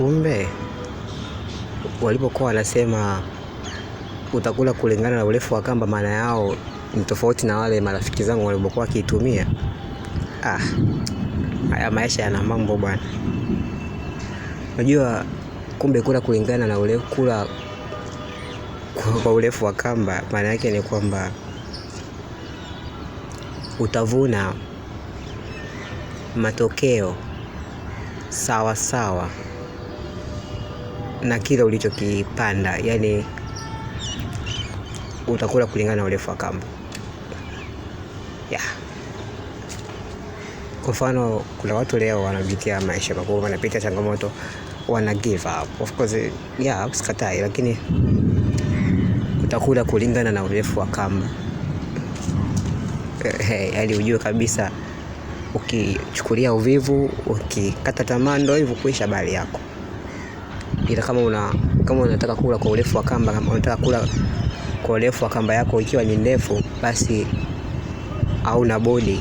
Kumbe walipokuwa wanasema utakula kulingana na urefu wa kamba, maana yao ni tofauti na wale marafiki zangu walipokuwa wakiitumia. Ah, haya maisha yana mambo bwana. Unajua, kumbe kula kulingana na ule, kula kwa urefu wa kamba maana yake ni kwamba utavuna matokeo sawa sawa na kile ulichokipanda, yani utakula kulingana na urefu wa kamba yeah. Kwa mfano kuna watu leo wanapitia maisha makubwa, wanapitia changamoto, wana give up. Of course, yeah, sikatai, lakini utakula kulingana na urefu wa kamba. Hey, ali ujue kabisa ukichukulia uvivu, ukikata tamaa, ndo hivyo kuisha bali yako ila kama una kama unataka kula kwa urefu wa kamba, kama unataka kula kwa urefu wa kamba yako ikiwa ni ndefu, basi hauna budi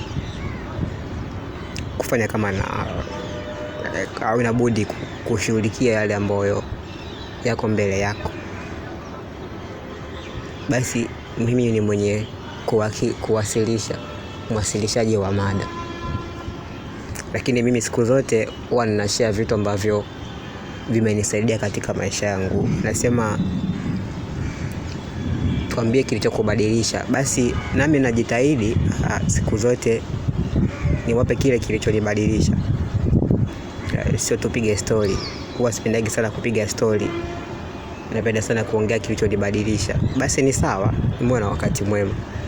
kufanya kama na hauna budi kushughulikia yale ambayo yako mbele yako. Basi mimi ni mwenye kuwaki, kuwasilisha mwasilishaji wa mada, lakini mimi siku zote huwa ninashare vitu ambavyo vimenisaidia katika maisha yangu. Nasema tuambie kilichokubadilisha, basi nami najitahidi ah, siku zote niwape kile kilichonibadilisha. Eh, sio tupige stori, huwa sipendagi sana kupiga stori, napenda sana kuongea kilichonibadilisha. Basi ni sawa, umeona. Wakati mwema.